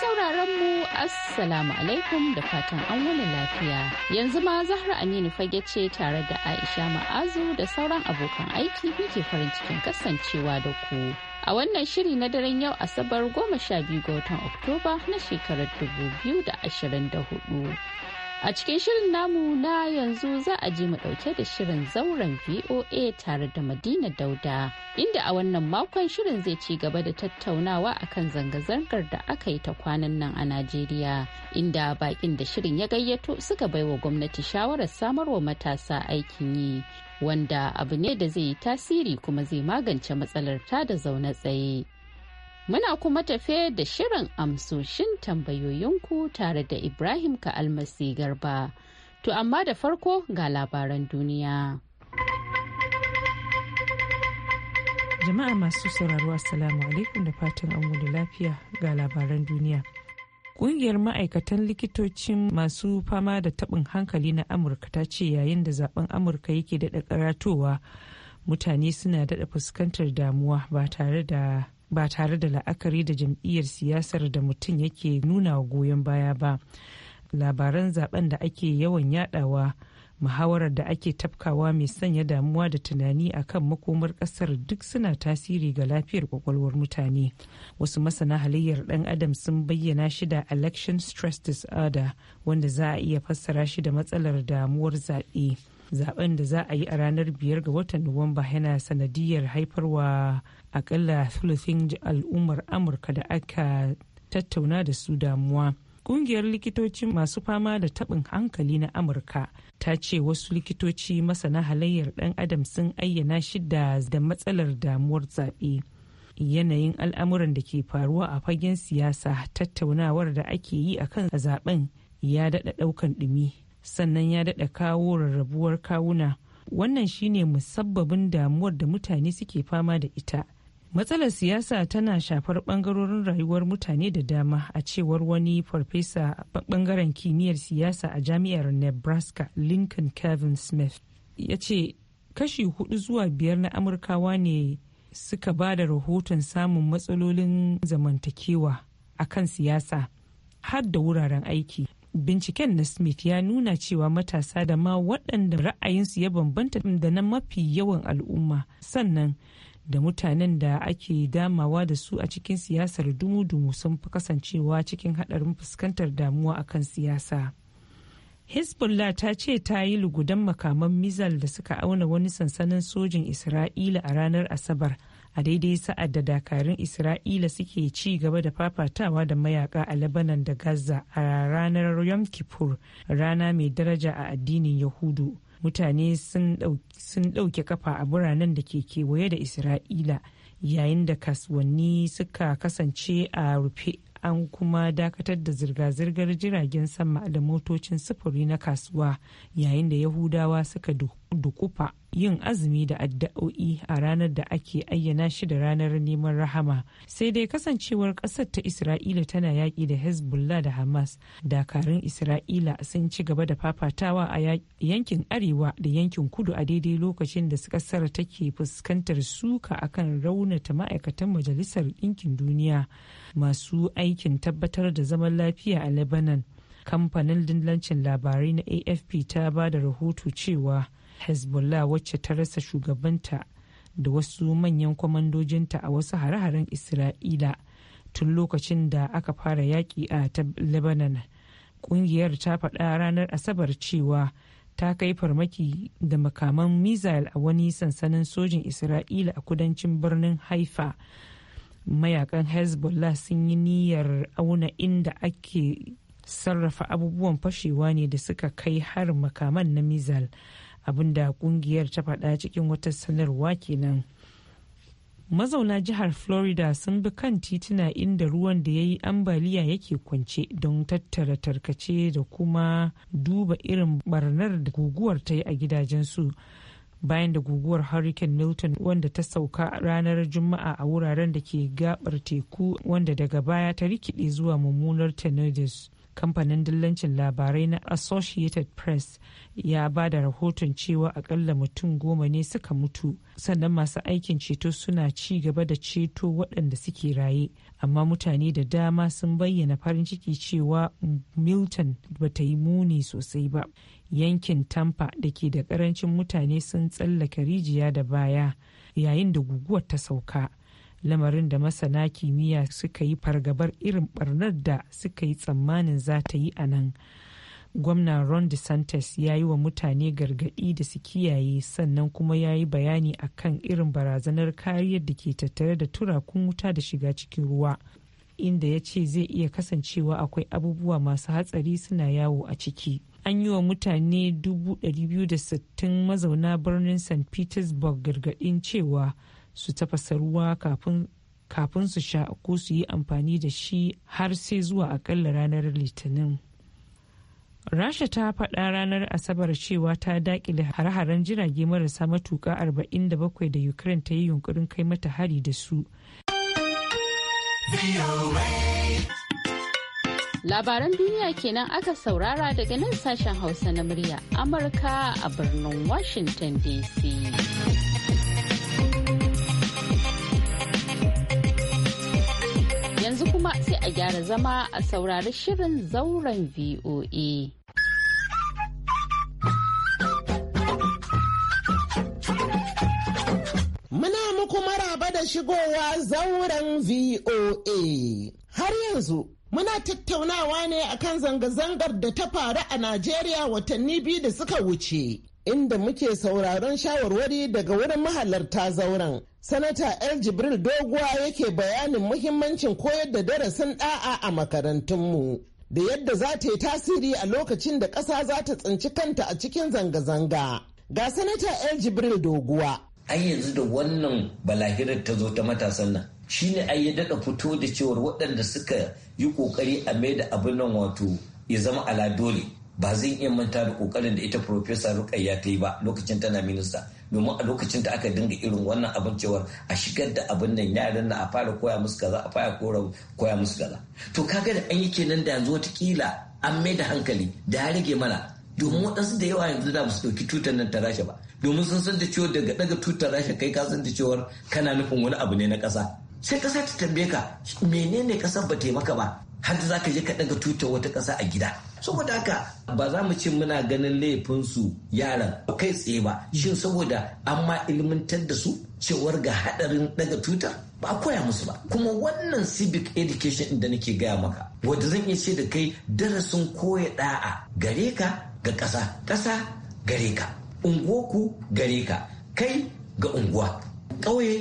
sauraron mu assalamu alaikum da fatan an wani lafiya yanzu ma zahra aminu fage ce tare da aisha ma'azu da sauran abokan aiki muke farin cikin kasancewa da ku a wannan shiri na daren yau asabar goma sha biyu ga watan oktoba na shekarar dubu biyu da ashirin da hudu A cikin shirin namu na yanzu za a ji mu ɗauke da shirin zauren VOA tare da Madina Dauda, inda a wannan makon shirin zai ci gaba da tattaunawa akan zanga-zangar da aka yi ta kwanan nan a Najeriya, inda bakin da shirin ya gayyato suka baiwa gwamnati shawarar samarwa matasa aikin yi, wanda abu ne da zai yi tasiri kuma zai magance matsalar ta da zaune tsaye. Muna kuma tafe da shirin amsoshin tambayoyinku tare da Ibrahim ka almasi Garba. To amma da farko ga labaran duniya. Jama'a masu sauraro Assalamu alaikum da fatan an wuni lafiya ga labaran duniya. Kungiyar ma'aikatan likitocin masu fama da taɓin hankali na Amurka ta ce yayin da zaben Amurka yake daɗa karatowa mutane suna daɗa fuskantar damuwa ba tare da ba tare da la'akari da jam'iyyar siyasar da mutum yake nuna goyon baya ba labaran zaben da ake yawan yadawa muhawarar da ake tafkawa mai sanya damuwa da tunani a kan makomar kasar duk suna tasiri ga lafiyar kwakwalwar mutane wasu masana halayyar dan adam sun bayyana shi da election stress disorder wanda za a iya fassara shi da matsalar damuwar zaɓe zaben da za a yi a ranar biyar ga watan nuwamba yana sanadiyar haifarwa akalla thuluthin al'ummar amurka da aka tattauna da su damuwa kungiyar likitoci masu fama da taɓin hankali na amurka ta ce wasu likitoci masana halayyar dan adam sun ayyana shida da matsalar damuwar zaɓe yanayin al'amuran da ke faruwa a fagen siyasa tattaunawar da ake yi a kan zaben ya daɗa ɗaukan ɗumi sannan ya daɗa kawo rarrabuwar kawuna wannan shine musabbabin damuwar da mutane suke fama da ita matsalar siyasa tana shafar bangarorin rayuwar mutane da dama a cewar wani farfesa bangaren kimiyyar siyasa a jami'ar nebraska lincoln kevin smith ya ce kashi hudu zuwa biyar na amurkawa ne suka ba da rahoton samun matsalolin zamantakewa a kan siyasa har da wuraren aiki binciken na smith ya nuna cewa matasa da ma waɗanda ra'ayinsu ya bambanta da na mafi yawan al'umma sannan da mutanen da ake damawa da su a cikin siyasar dumu-dumu sun fi kasancewa cikin haɗarin fuskantar damuwa a kan siyasa hezbollah ta ce ta yi lugudan makaman mizal da suka auna wani sansanin sojin isra'ila a ranar asabar a daidai sa'ad da dakarun isra'ila suke ci gaba da fafatawa da mayaka a labanan da gaza a ranar yom kippur rana mai daraja a addinin yahudu mutane sun ɗauke kafa a biranen da ke kewaye da isra'ila yayin da kasuwanni suka kasance a rufe an kuma dakatar da zirga-zirgar jiragen sama da motocin sufuri na kasuwa yayin da yahudawa suka duk dukufa yin azumi da addu'o'i a ranar da ake ayyana shi da ranar neman rahama sai dai kasancewar ƙasar ta isra'ila tana yaƙi da hezbollah da hamas dakarun isra'ila sun ci gaba da fafatawa a yankin arewa da yankin kudu a daidai lokacin da ƙasar take fuskantar suka akan raunata ma'aikatan majalisar ɗinkin duniya masu aikin tabbatar da zaman lafiya a lebanon kamfanin dillancin labarai na afp ta ba da rahoto cewa hezbollah wacce ta rasa shugabanta da wasu manyan kwamandojinta a wasu hare-haren isra'ila tun lokacin da aka fara yaƙi a lebanon ƙungiyar ta faɗa ranar asabar cewa ta kai farmaki da makaman mizal a wani sansanin sojin isra'ila a kudancin birnin haifa mayakan hezbollah sun yi niyyar auna inda ake sarrafa abubuwan fashewa ne da suka kai har makaman na mizal abinda kungiyar ta faɗa cikin wata sanarwa kenan mazauna jihar florida sun bi kan tituna inda ruwan da ya yi ambaliya yake kwance don tattara tarkace da kuma duba irin barnar da guguwar ta yi a gidajensu bayan da guguwar hurricane milton wanda ta sauka ranar juma'a a wuraren da ke gabar teku wanda daga baya ta rikide zuwa mummunar tornadoes kamfanin dillancin labarai na associated press ya ba da rahoton cewa akalla mutum goma ne suka mutu sannan masu aikin ceto suna ci gaba da ceto waɗanda suke raye amma mutane da dama sun bayyana farin ciki cewa milton ba ta yi muni sosai ba yankin tampa da ke da ƙarancin mutane sun tsallaka rijiya da baya yayin da guguwar ta sauka lamarin da masana kimiyya suka yi fargabar irin barnar da suka yi tsammanin za ta yi a nan gwamna ron desantis ya yi wa mutane gargaɗi da su kiyaye sannan kuma ya yi bayani a kan irin barazanar kariyar da ke tattare da turakun wuta da shiga cikin ruwa inda ya ce zai iya kasancewa akwai abubuwa masu hatsari suna yawo a ciki an yi wa mutane 260 mazauna birnin st petersburg gargaɗin cewa su tafasa ruwa kafin kafin su sha ko su yi amfani da shi har sai zuwa akalla ranar litinin rasha ta faɗa ranar asabar cewa ta dakile har-haren jirage marasa matuƙa 47 da ukraine ta yi yunkurin kai mata hari da su labaran duniya kenan aka saurara daga nan sashen hausa na murya amurka a birnin washington dc kuma sai a gyara zama a saurari shirin zauren VOA. Muna muku maraba da shigowa zauren VOA. Har yanzu Muna tattaunawa ne akan zanga-zangar da ta faru a Najeriya watanni biyu da suka wuce, inda muke sauraron shawarwari daga wurin mahalarta zauren. Sanata El Jibril Doguwa yake bayanin muhimmancin koyar da darasin ɗa'a a makarantunmu. Da yadda za ta yi tasiri a lokacin da ƙasa za ta tsinci kanta a cikin zanga-zanga. Ga Sanata El Jibril Doguwa. An yanzu da wannan balahirar ta zo ta matasan nan. Shi ne ai ya daɗa fito da cewar waɗanda suka yi ƙoƙari a mai da abin nan wato ya zama ala dole ba zan iya manta da kokarin da ita Profesa Rukayya ta yi ba lokacin tana minista domin a lokacin da aka dinga irin wannan abin cewar a shigar da abin nan yaran na a fara koya musu kaza a fara koya musu kaza to kaga da an yi kenan da yanzu watakila an mai da hankali da ya rage mana domin waɗansu da yawa yanzu da musu ɗauki tutar nan ta rasha ba domin sun san da cewa daga daga tutar rasha kai ka san da cewar kana nufin wani abu ne na ƙasa sai ƙasa ta tambaye ka menene ƙasar ba taimaka ba har da zaka je ka daga tutar wata ƙasa a gida saboda haka ba za mu ce muna ganin laifinsu yaran kai tsaye ba shin saboda an ma ilmantar da su cewar ga hadarin daga tutar ba a koya musu ba kuma wannan civic education da nake gaya maka wadda zan iya ce da kai darasin koya da'a gare ka ga ƙasa ƙasa gare ka gareka gare ka kai ga unguwa ƙauye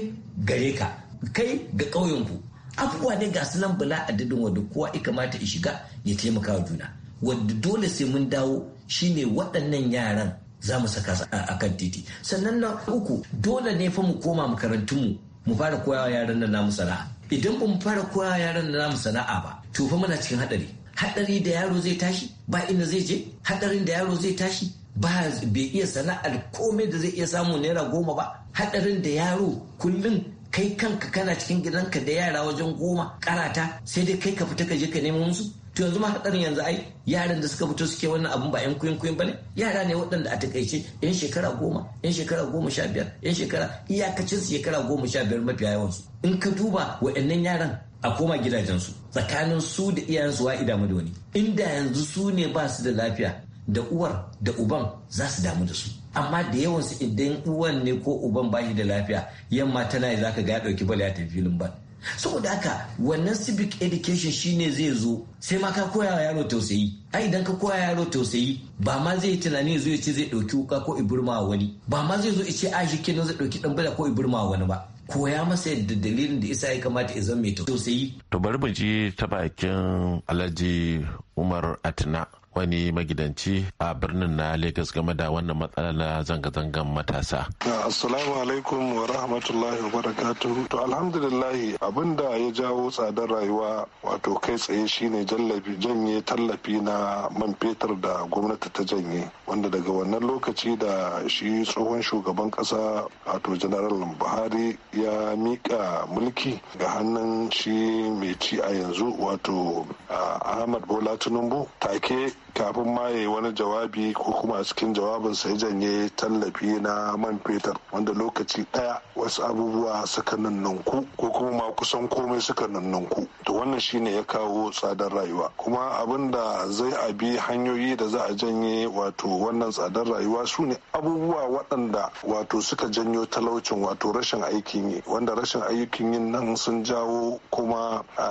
gare ka kai ga ƙauyenku abubuwa ne ga su nan bala adadin wadda kowa ya kamata ya shiga ya taimaka wa juna wadda dole sai mun dawo shine waɗannan yaran za mu saka a kan titi sannan na uku dole ne fa mu koma makarantunmu mu fara koyawa yaran nan namu sana'a idan ba mu fara koyawa yaran nan namu sana'a ba to fa muna cikin haɗari haɗari da yaro zai tashi ba inda zai je haɗarin da yaro zai tashi ba bai iya sana'ar komai da zai iya samu naira goma ba haɗarin da yaro kullum kai kanka kana cikin gidanka da yara wajen goma karata sai dai kai ka fita ka je ka nemo musu to yanzu ma hadarin yanzu ai yaran da suka fito suke wannan abun ba yan kuyin kuyin bane yara ne waɗanda a takaice yan shekara goma yan shekara goma sha biyar yan shekara iyakacin su shekara goma sha biyar mafi yawan su in ka duba wa'annan yaran a koma gidajensu tsakanin su da iyayensu wa idamu da wani inda yanzu su ne ba su da lafiya da uwar da uban za su damu da su amma da yawansu idan uwan ne ko uban ba shi da lafiya yamma tana za ka ga ya ɗauki bala ya tafi filin ba saboda haka wannan civic education shine zai zo sai ma ka koya wa yaro tausayi ai idan ka koya yaro tausayi ba ma zai tunani zo ya ce zai dauki wuka ko iburma wani ba ma zai zo ya a shi kenan zai dauki dan bala ko iburma wani ba koya masa yadda dalilin da isa ya kamata ya zama mai tausayi to bari mu je ta bakin alhaji umar atina wani magidanci a birnin na Legas game da wannan matsala na zanga-zangan matasa. Assalamu alaikum wa rahmatullahi wa barakatuh. To alhamdulillahi abinda ya jawo tsadar rayuwa wato kai tsaye shine janye tallafi na man fetur da gwamnati ta janye wanda daga wannan lokaci da shi tsohon shugaban kasa wato general Buhari ya mika mulki ga hannun shi mai ci a yanzu wato Ahmad Bola Tinubu take kafin ma ya yi wani jawabi ko kuma a cikin jawabin sai janye tallafi na man fetur wanda lokaci ɗaya wasu abubuwa suka nannanku ko kuma ma kusan komai suka nannanku to wannan shine ya kawo tsadar rayuwa kuma abin da zai abi hanyoyi da za a janye wato wannan tsadar rayuwa su ne abubuwa waɗanda wato suka janyo talaucin wato rashin aikin yi wanda rashin aikin yin nan sun jawo kuma a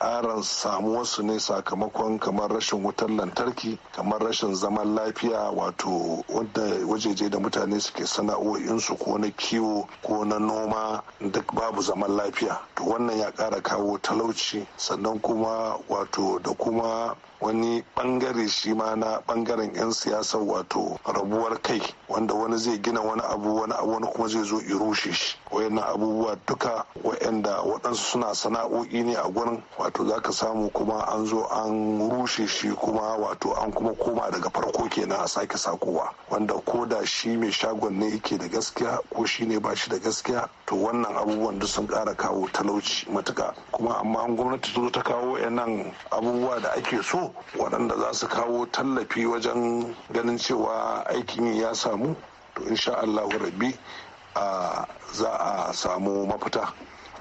ah, samuwar samuwarsu ne sakamakon kamar rashin wutar lantarki barki kamar rashin zaman lafiya wato wadda wajeje da mutane suke sana'o'insu ko na kiwo ko na noma duk babu zaman lafiya to wannan ya ƙara kawo talauci sannan kuma wato da kuma wani bangare shi ma na bangaren 'yan siyasa wato rabuwar kai wanda wani zai gina wani abu wani abu wani kuma zai zo i rushe shi wayannan abubuwa duka wayanda waɗansu suna sana'o'i ne a gurin wato zaka samu kuma an zo an rushe shi kuma wato an kuma koma daga farko kenan a sake sakowa wanda ko da shi mai shagon ne yake da gaskiya ko shi ne ba shi da gaskiya to wannan abubuwan duk sun ƙara kawo talauci matuka kuma amma an gwamnati zo ta kawo wayannan abubuwa da ake so waɗanda za su kawo tallafi wajen ganin cewa aikin ya samu to insha allahu rabbi za a samu mafita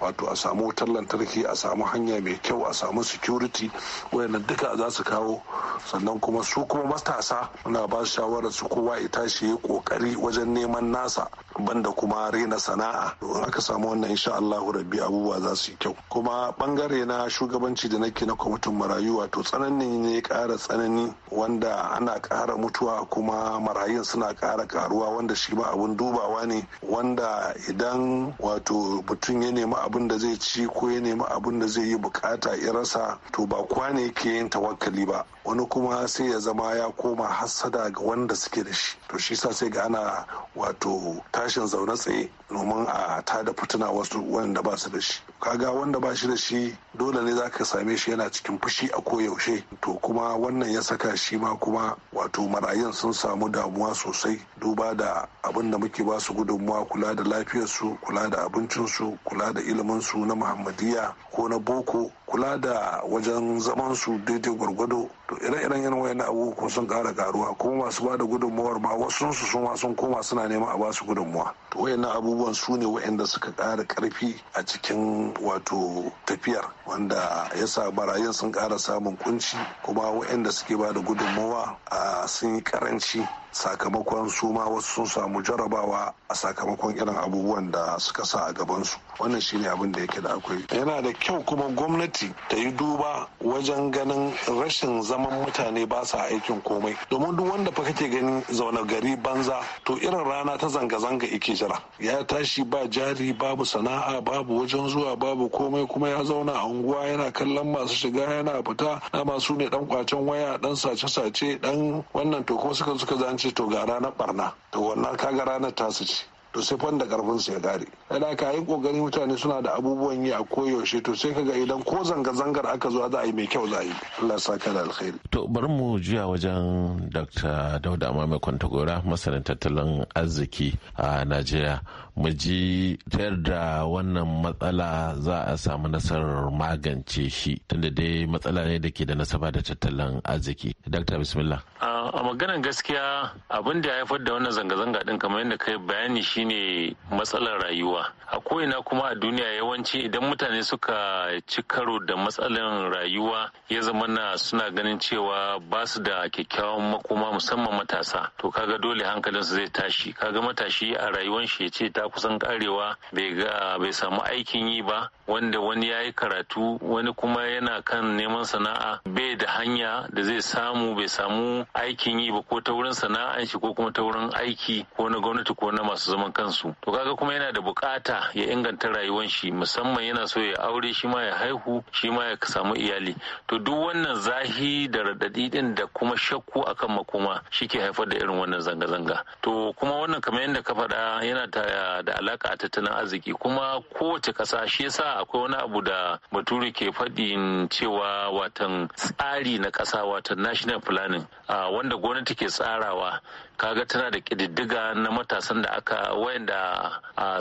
wato a samu wutar lantarki a samu hanya mai kyau a samu security wayannan duka za su kawo sannan kuma su kuma matasa muna ba su shawarar su kowa ya tashi ya kokari wajen neman nasa banda kuma rena sana'a in aka samu wannan insha Allahu rabbi abubuwa za su yi kyau kuma bangare na shugabanci da nake na kwamitin marayu wato tsananin ne ya ƙara tsanani wanda ana ƙara mutuwa kuma marayun suna ƙara karuwa wanda shi ma abun dubawa ne wanda idan wato mutum ya nemi abin da zai ci ko ya nemi abin da zai yi bukata ya rasa to ba kwane ke yin tawakkali ba wani kuma sai ya zama ya koma hassada ga wanda suke da shi to shi sa sai ga ana wato tashi tashin zaune tsaye domin a da fituna wasu wanda ba su da shi kaga wanda ba shi da shi dole ne za ka same shi yana cikin fushi a koyaushe to kuma wannan ya saka shi ma kuma wato marayun sun samu damuwa sosai duba da abin da muke ba su gudunmuwa kula da lafiyarsu kula da abincinsu kula da iliminsu na muhammadiyya ko na boko kula da wajen zaman su daidai gwargwado to ire-iren yan wayan abubuwa sun kara karuwa kuma masu bada gudunmuwar ba wasu su sun sun koma suna neman a basu gudunmuwa to wayan abubuwan su ne wayanda suka kara karfi a cikin wato tafiyar wanda ya sa barayin sun kara samun kunci kuma wayanda suke ba bada a ah, sun yi karanci sakamakon su ma wasu sun samu jarabawa a sakamakon irin abubuwan da suka sa a gabansu wannan shine abin da yake da akwai yana da kyau kuma gwamnati ta yi duba wajen ganin rashin zaman mutane ba sa aikin komai domin duk wanda fa kake gani zaune gari banza to irin rana ta zanga-zanga ike jira ya tashi ba jari babu sana'a babu wajen zuwa babu komai kuma ya zauna a unguwa yana kallon masu shiga yana fita na masu ne dan kwacen waya dan sace-sace dan wannan to kuma suka suka zan ce to ga ranar barna to wannan kaga ranar tasu ce to sai fanda karfin su ya dare da ka yi kokari mutane suna da abubuwan yi a koyaushe to sai kaga idan ko zanga-zangar aka zo za a yi mai kyau za a yi Allah ya ka da alkhairi to bari mu juya wajen Dr. Dauda Amame Kwantagora masanin tattalin arziki a Najeriya mu ji ta da wannan matsala za a samu nasarar magance shi tunda dai matsala ne da ke da nasaba da tattalin arziki Dr. bismillah a maganar gaskiya abin da ya haifar da wannan zanga-zanga din kamar yadda kai bayani shine matsalar rayuwa a ko'ina kuma a duniya yawanci idan mutane suka ci karo da matsalar rayuwa ya zama na suna ganin cewa ba su da kyakkyawan makoma musamman matasa to kaga dole hankalinsu zai tashi kaga matashi a rayuwan shi ya ce ta kusan karewa bai ga bai samu aikin yi ba wanda wani ya yi karatu wani kuma yana kan neman sana'a bai da hanya da zai samu bai samu aikin yi ba ko ta wurin sana'an shi ko kuma ta wurin aiki ko na gwamnati ko na masu zaman kansu to kaga kuma yana da bukata ya inganta rayuwar shi musamman yana so ya aure shi ma ya haihu shi ma ya samu iyali to duk wannan zahi da radadi din da kuma shakku akan makoma shi ke haifar da irin wannan zanga-zanga to kuma wannan kamar yadda ka faɗa yana ta da alaka a tattalin arziki kuma kowace ƙasa shi yasa akwai wani abu da bature ke faɗi cewa watan tsari na ƙasa watan national planning wanda gwamnati ke tsarawa kaga tana da ƙididdiga na matasan da aka wayanda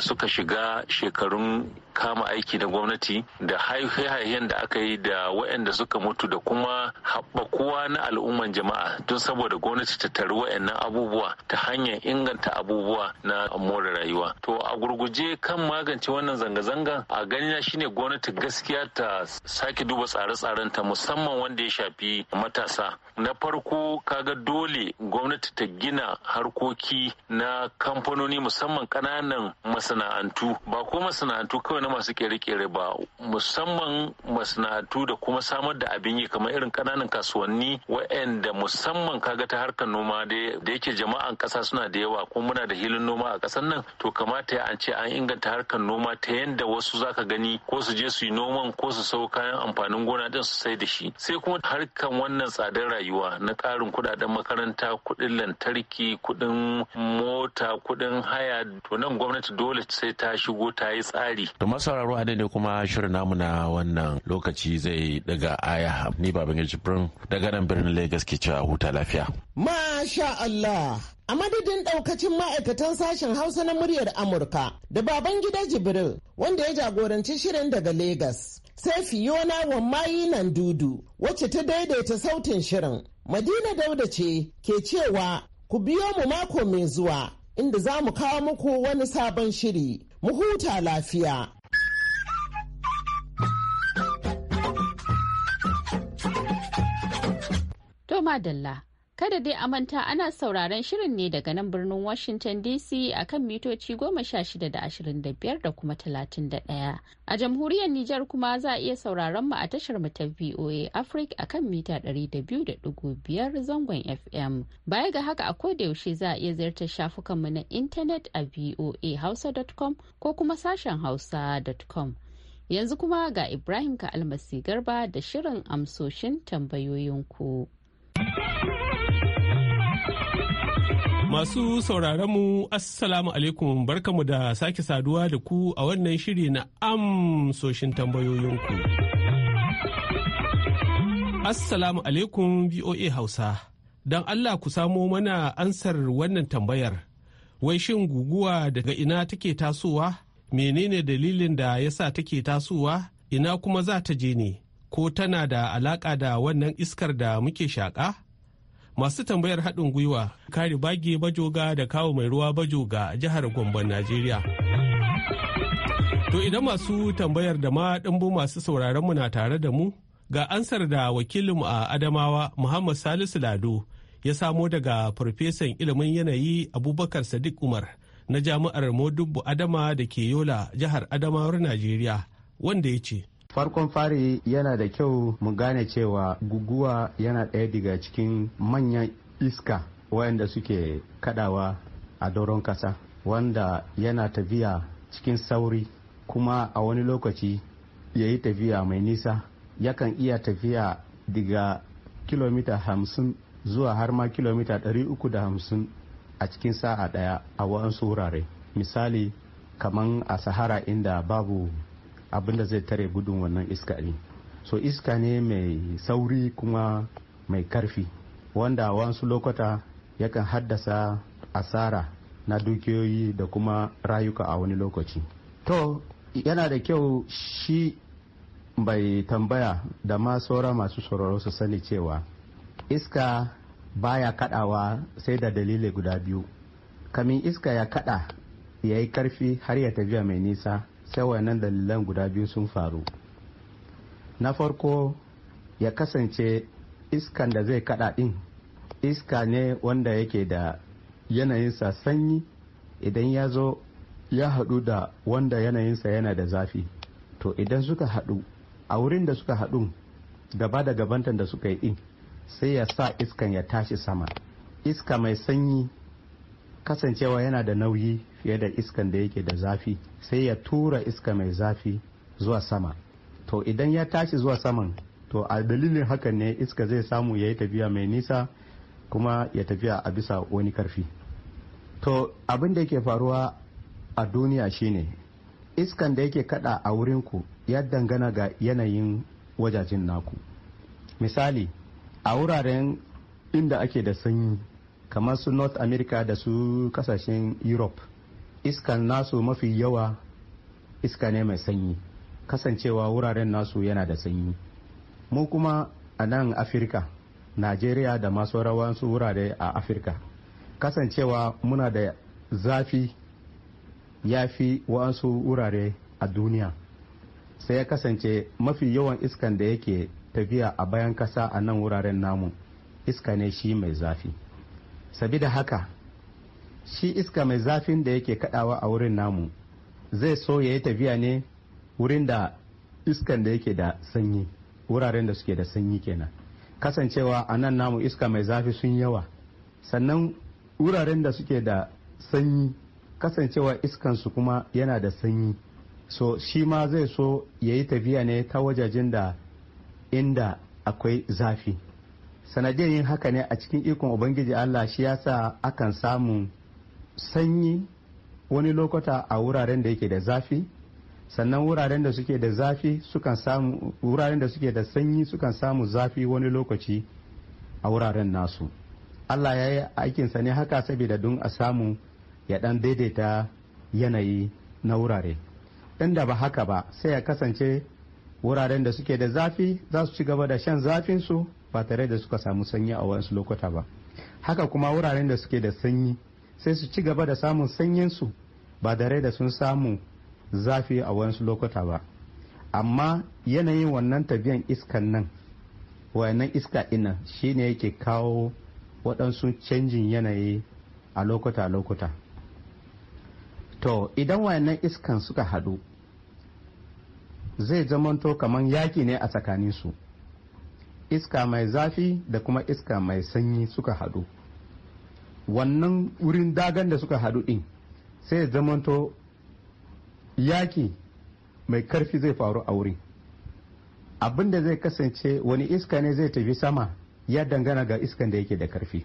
suka shiga shekarun kama aiki na gwamnati da haihayen da aka yi da wayanda suka mutu da kuma haɓakuwa na al'umman jama'a don saboda gwamnati ta tari wayannan abubuwa ta hanyar inganta abubuwa na more rayuwa to a gurguje kan magance wannan zanga zanga a ganina shine gwamnati gaskiya ta sake duba tsare-tsaren ta musamman wanda ya shafi matasa na farko kaga dole gwamnati ta gina harkoki na kamfanoni musamman ƙananan masana'antu ba ko masana'antu kawai na masu kere-kere ba musamman masana'antu da kuma samar da abin yi kamar irin kananan kasuwanni waanda musamman kaga ta harkar noma da yake jama'an kasa suna da yawa kuma muna da hilin noma a kasar nan to kamata ya an ce an inganta harkar noma ta yadda wasu zaka gani ko su je su yi noman ko su sau kayan amfanin gona din su sai da shi sai kuma harkan wannan tsadar rayuwa rayuwa na ƙarin kuɗaɗen makaranta kuɗin lantarki kuɗin mota kuɗin haya to nan gwamnati dole sai ta shigo ta yi tsari. to masauraro a ne kuma shirin namu na wannan lokaci zai daga aya ni baban jibrin daga nan birnin lagos ke cewa huta lafiya. masha Allah a madadin daukacin ma'aikatan sashen hausa na muryar amurka da baban gida jibril wanda ya jagoranci shirin daga Legas. sai Fiona Wammayi nan dudu wacce ta daidaita sautin shirin. Madina Dauda ce ke cewa ku biyo mu mako mai zuwa inda za mu kawo muku wani sabon shiri. Mu huta lafiya. Toma Dalla Kada dai a manta ana sauraron shirin ne daga nan birnin Washington DC a kan mitoci 16-25 da kuma 31. A jamhuriyar Nijar kuma za a iya sauraron mu a tashar ta VOA Africa a kan mita 200.5 zangon FM. Baya ga haka a yaushe za a iya ziyartar shafukanmu na intanet a voahausa.com ko kuma sashen hausa.com. Yanzu kuma ga Ibrahim ka almasi garba da shirin amsoshin tambayoyinku. ku. Masu sauraronmu mu Assalamu alaikum barkamu da sake saduwa da ku a wannan shiri na amsoshin tambayoyinku. Assalamu alaikum VOA Hausa. Don Allah ku samo mana ansar wannan tambayar. Wai shin guguwa daga ina take tasowa? Menene dalilin da ya sa take tasowa? Ina kuma za ta je ne? Ko tana da alaƙa da wannan iskar da muke shaƙa? masu tambayar haɗin gwiwa kare bage bajoga da kawo mai ruwa bajoga jihar gombe najeriya to idan masu tambayar da ma ɗimbo masu sauraron mu na tare da mu ga ansar da wakilinmu a adamawa muhammad salisu lado ya samo daga farfesan ilimin yanayi abubakar sadiq umar na jami'ar modubbu adama da ke yola jihar adamawar najeriya wanda ya ce farkon fari yana da kyau mu gane cewa guguwa yana ɗaya daga cikin manyan iska wayanda suke kadawa a doron kasa wanda yana tafiya cikin sauri kuma a wani lokaci ya yi tafiya mai nisa yakan iya tafiya daga kilomita hamsin zuwa har ma kilomita hamsin a cikin sa'a daya a wasu wurare misali kaman a sahara inda babu abin da zai tare gudun wannan iska ne so iska ne mai sauri kuma mai karfi wanda wasu lokuta yakan haddasa asara na dukiyoyi da kuma rayuka a wani lokaci to yana da kyau shi bai tambaya da ma saura masu sauraro su sani cewa iska baya kadawa sai da dalilai guda biyu kamin iska ya kada ya yi karfi har ya tafiya mai nisa sai wayannan dalilan guda biyu sun faru na farko ya kasance iskan da zai kada din iska ne wanda yake da yanayinsa sanyi idan ya zo ya haɗu da wanda yanayinsa yana da zafi to idan suka haɗu a wurin da suka haɗu gaba da gabantan da suka yi din sai ya sa iskan ya tashi sama iska mai sanyi kasancewa yana da nauyi fiye da iskan da yake da zafi sai ya tura iska mai zafi zuwa sama to idan ya tashi zuwa saman to a dalilin hakan ne iska zai samu ya yi tafiya mai nisa kuma ya tafiya a bisa wani karfi to abin da yake faruwa a duniya shine iskan da yake kada a wurinku ya dangana ga yanayin wajajin naku misali a wuraren inda ake da sanyi kamar su north america da su kasashen europe iskan nasu mafi yawa iska ne mai sanyi kasancewa wuraren nasu yana da sanyi mu kuma a nan afirka Nigeria da masu rawansu wurare a afirka kasancewa muna da zafi ya fi wa'ansu wurare a duniya sai ya kasance mafi yawan iskan da yake tafiya a bayan kasa a nan wuraren namu iska ne shi mai zafi sabida haka shi iska mai zafin da yake kadawa a wurin namu zai so ya yi tafiya ne wurin da iskan da yake da sanyi wuraren da suke da sanyi kenan kasancewa a nan namu iska mai zafi sun yawa sannan wuraren da suke da sanyi kasancewa iskan su kuma yana da sanyi so shi ma zai so ya yi tafiya ne ta wajajen da inda akwai zafi sanadiyar yin haka ne a cikin ikon ubangiji allah shi yasa akan samu sanyi wani lokuta a wuraren da yake da zafi sannan wuraren da suke da zafi sukan samu wuraren da suke da sanyi sukan samu zafi wani lokaci a wuraren nasu allah ya yi aikinsa ne haka saboda don a samu ya dan daidaita yanayi na wurare inda ba haka ba sai ya kasance wuraren da suke da zafi za su ci gaba da shan zafinsu ba tare da suka samu sanyi a wasu lokuta ba haka kuma wuraren da suke da sanyi sai su ci gaba da samun sanyinsu ba tare da sun samu zafi a wasu lokuta ba amma yanayin wannan tafiyan iskan nan wannan iska ina shine yake kawo waɗansu canjin yanayi a lokuta-lokuta to idan wayannan iskan suka haɗu zai zamanto kamar yaƙi ne a tsakaninsu iska mai zafi da kuma iska mai sanyi suka hadu wannan wurin dagan da suka hadu din sai zamanto yaki mai karfi zai faru a wuri. abin da zai kasance wani iska ne zai tafi sama ya dangana ga iskan da yake da karfi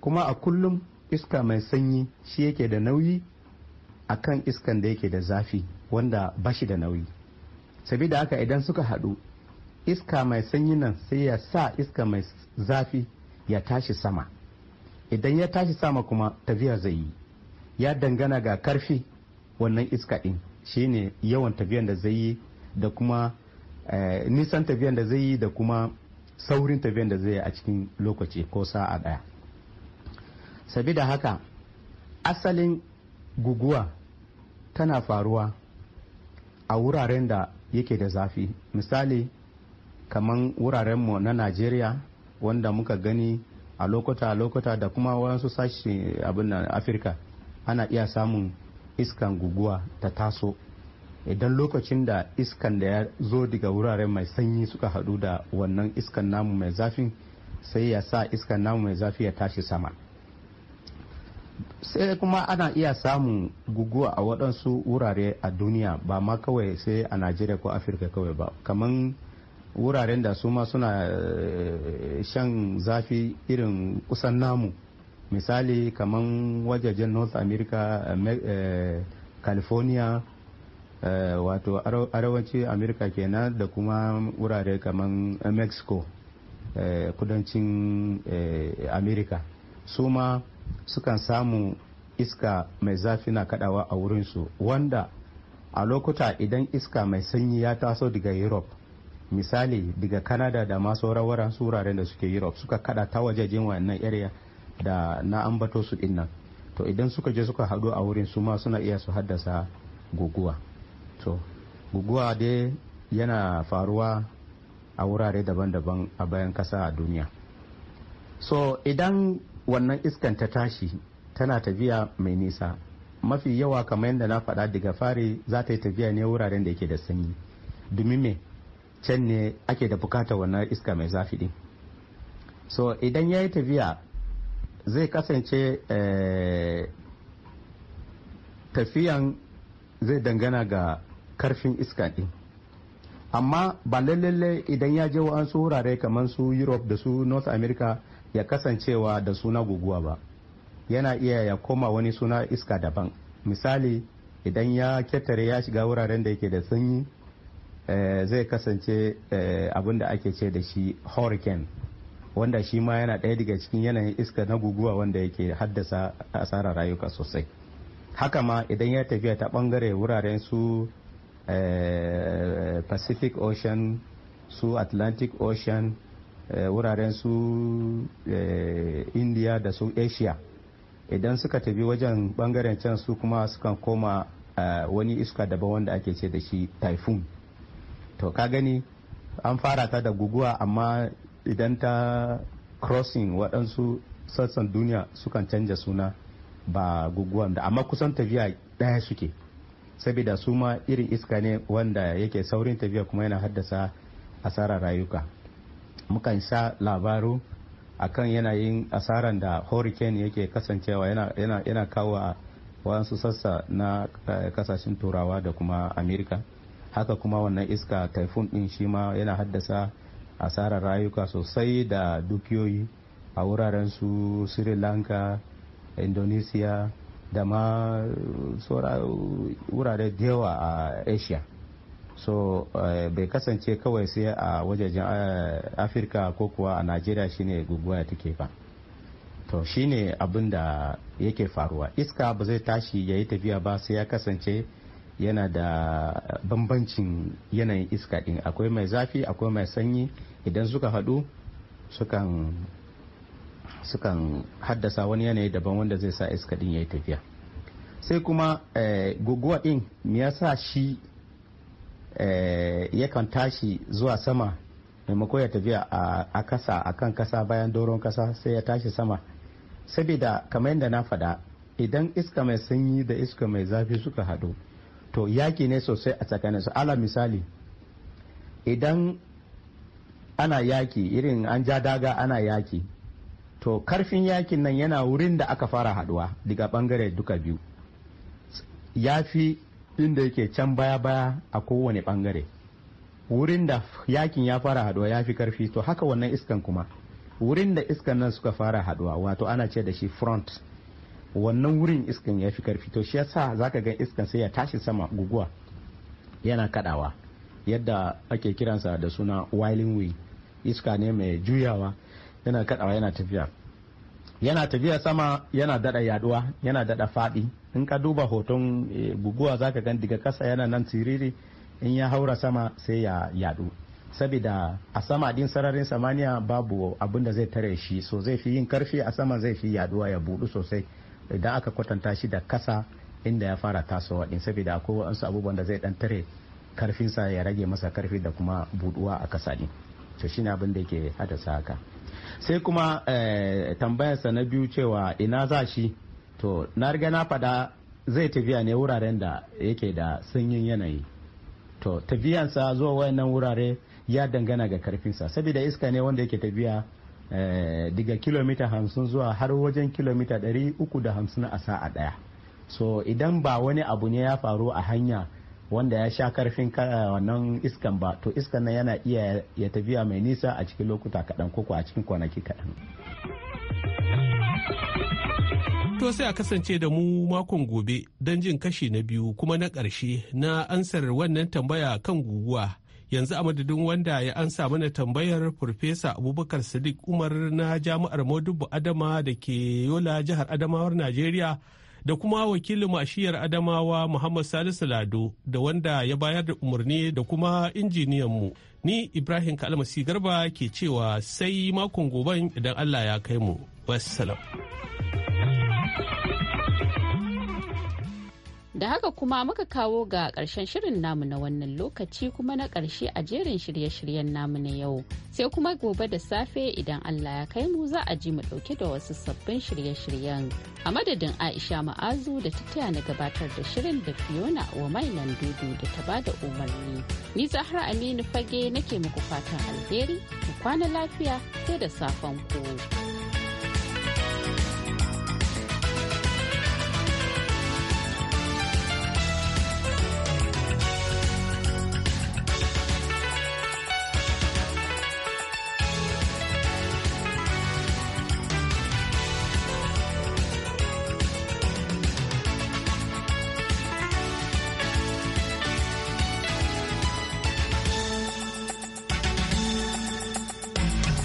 kuma a kullum iska mai sanyi shi yake da nauyi a kan iskan da yake da zafi wanda bashi da nauyi sabida haka idan suka haɗu iska mai sanyi nan sai ya sa iska mai zafi ya tashi sama idan ya tashi sama kuma tafiya zai yi ya dangana ga karfi wannan iska ɗin shine yawan tafiyan da zai yi da kuma eh, nisan tafiyan da zai yi da kuma saurin tafiyan da zai yi a cikin lokaci ko sa'a ɗaya. sabida haka asalin guguwa tana faruwa a wuraren da yake da zafi misali kamar wurarenmu na najeriya wanda muka gani a lokuta-lokuta da kuma wasu sashi abin afirka ana iya samun iskan guguwa ta taso idan lokacin da iskan da ya zo daga wuraren mai sanyi suka hadu da wannan iskan namu mai zafi sai ya sa iskan namu mai zafi ya tashi sama sai kuma ana iya samun guguwa a waɗansu wurare a duniya ba ma kawai sai a najeriya ko afirka kawai ba kamar wuraren da su ma suna eh, shan zafi irin kusan namu misali kamar wajajen north america eh, california eh, wato arewaci america kenan da kuma wurare kamar mexico kudancin america su ma sukan samu iska mai zafi na kadawa a wurinsu wanda a lokuta idan iska mai sanyi ya taso daga europe misali daga canada da masu rawaran wuraren da suke europe suka kada ta wajajen wannan area da na ambato su din nan to idan suka je suka hadu a wurin su ma suna iya su haddasa guguwa to guguwa dai yana faruwa a wurare daban-daban a bayan kasa a duniya so idan wannan iskan ta tashi tana tafiya mai nisa mafi yawa kamar yadda na faɗa daga fari za ta yi tafiya ne wuraren da yake da sanyi domin me can ne ake da bukata wannan iska mai zafi din so idan ya yi tafiya zai kasance eh, tafiyan zai dangana ga karfin iska din amma ba lalle idan ya je wa'ansu wurare kamar su europe da su north america ya kasancewa da suna guguwa ba yana iya ya koma wani suna iska daban misali idan ya ketare ya shiga wuraren da yake da sanyi Eh, zai kasance eh, abin da ake ce da shi hurricane wanda shi ma yana ɗaya daga cikin yanayin iska na guguwa wanda yake haddasa asarar rayuka sosai haka ma idan ya tafiya ta bangare wuraren su eh, pacific ocean su atlantic ocean wuraren su india da su asia idan suka tafi wajen bangaren can su kuma sukan koma wani iska daban wanda ake ce da shi typhoon to ka gani an fara ta da guguwa amma idan ta crossing waɗansu sassan duniya sukan canja suna ba guguwan da amma kusan tafiya ɗaya suke saboda su ma irin iska ne wanda yake saurin tafiya kuma yana haddasa asarar rayuka mukan sha labaru akan yanayin asaran da hurricane yake kasancewa yana, kawo wa wasu sassa na kasashen eh, turawa da kuma amerika haka kuma wannan iska typhoon din shi ma yana haddasa asarar rayuka sosai da dukiyoyi a wuraren su sri lanka indonesia da ma uh, uh, wurare da yawa a asia so eh, bai kasance kawai sai a wajajen eh, afirka ko kuwa a najeriya shine guguwa take ba to shine abin da yake faruwa iska ba zai tashi ya yi tafiya ba sai ya kasance yana da bambancin yanayin iska din akwai mai zafi akwai mai sanyi idan suka haɗu sukan haddasa wani yanayi daban wanda zai sa iska din yayi tafiya sai kuma eh, guguwa din me yasa shi ya eh, yakan tashi zuwa sama maimako ya tafiya a kasa a kan kasa bayan doron kasa sai ya tashi sama saboda kamar yadda na faɗa idan iska mai sanyi da iska mai zafi suka haɗu to yaki ne sosai a tsakaninsu ala misali idan ana yaki irin an ja daga ana yaki to karfin yakin nan yana wurin da aka fara haduwa daga bangare duka biyu ya fi inda yake can baya-baya a kowane bangare wurin da yakin ya fara haduwa ya fi karfi to haka wannan iskan kuma wurin da iskan nan suka fara haduwa wato ana ce da shi front wannan wurin iskan ya fi karfi to shi yasa zaka ga iskan sai ya tashi sama guguwa yana kadawa yadda ake kiransa da suna wailing wind iska ne mai juyawa yana kadawa yana tafiya yana tafiya sama yana dada yaduwa yana dada fadi in ka duba hoton eh, guguwa zaka gan daga kasa yana nan siriri in ya haura sama sai ya yadu saboda a sama din sararin samaniya babu abin da zai tare shi so zai fi yin karfi a sama zai fi yaduwa ya budu sosai idan aka kwatanta shi da kasa inda ya fara tasowa din saboda akwai waɗansu abubuwan da zai dan tare karfinsa ya rage masa karfi da kuma buɗuwa a kasa din to shine abin da yake haddasa haka sai kuma eh, tambayarsa na biyu cewa ina za shi to na riga na faɗa zai tafiya ne wuraren da yake da sanyin yanayi to tafiyansa zuwa wayannan wurare ya dangana ga karfinsa saboda iska ne wanda yake tafiya Eh, daga kilomita hamsin zuwa har wajen kilomita ɗari uku da hamsin a sa'a ɗaya so idan ba wani abu ne ya faru a hanya wanda ya sha karfin eh, wannan iskan ba to iskan nan yana iya ya tafiya mai nisa a cikin lokuta kaɗan koko a cikin kwanaki kaɗan To sai a kasance da mu makon gobe don jin kashi na biyu kuma na ƙarshe na ansar wannan tambaya kan guguwa yanzu a madadin wanda ya ansa mana tambayar Farfesa Abubakar Sadiq Umar na Jami'ar Modubu Adama da ke Yola jihar Adamawar Najeriya da kuma wakilin mashiyar Adamawa Muhammad Salisu Lado da wanda ya bayar da umarni da kuma injiniyan mu Ni Ibrahim Kalmasi Garba ke cewa sai makon goben idan Allah ya kai mu. Wassalam. Da haka kuma muka kawo ga ƙarshen shirin namu na wannan lokaci kuma na ƙarshe a jerin shirye-shiryen namu na yau. Sai kuma gobe da safe idan Allah ya kai mu za a ji mu ɗauke da wasu sabbin shirye-shiryen. A madadin Aisha Ma'azu da ta na gabatar da shirin da Fiona wa Mailan Dudu da ta ba da umarni. Ni Zahra Aminu Fage nake muku fatan alheri, mu kwana lafiya sai da safen ku.